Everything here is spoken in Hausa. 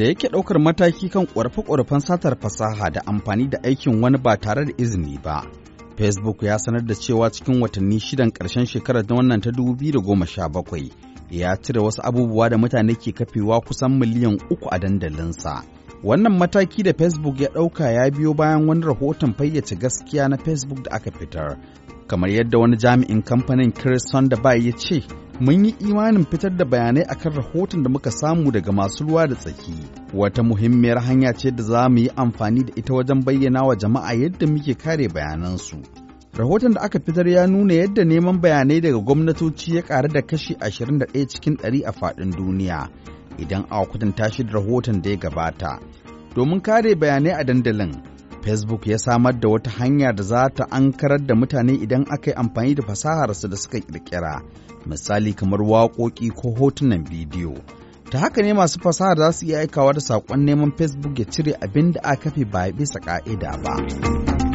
da yake ɗaukar mataki kan ƙorafe-ƙorafen satar fasaha da amfani da aikin wani ba tare da izini ba. Facebook ya sanar da cewa cikin watanni shidan ƙarshen shekarar da wannan ta 2017 ya cire wasu abubuwa da mutane ke kafewa kusan miliyan uku a dandalinsa. Wannan mataki da Facebook ya ɗauka ya biyo bayan wani rahoton fayyace gaskiya na Facebook da aka fitar, kamar yadda wani jami'in kamfanin Chris Sonderby ya ce mun yi imanin fitar da bayanai akan rahoton da muka samu daga masu ruwa da tsaki wata muhimmiyar hanya ce da za mu yi amfani da ita wajen bayyana wa jama'a yadda muke kare bayanansu rahoton da aka fitar ya nuna yadda neman bayanai daga gwamnatoci ya ƙaru da kashi 21 cikin 100 a faɗin duniya idan a kwatanta shi da rahoton da ya gabata domin kare bayanai a dandalin Facebook ya samar da wata hanya da za ta ankarar da mutane idan aka yi amfani da fasaharsu da suka ƙirƙira, misali kamar waƙoƙi ko hotunan bidiyo. Ta haka ne masu fasahar za su iya aikawa da saƙon neman Facebook ya cire abin da aka fi ba bisa ƙa'ida ba.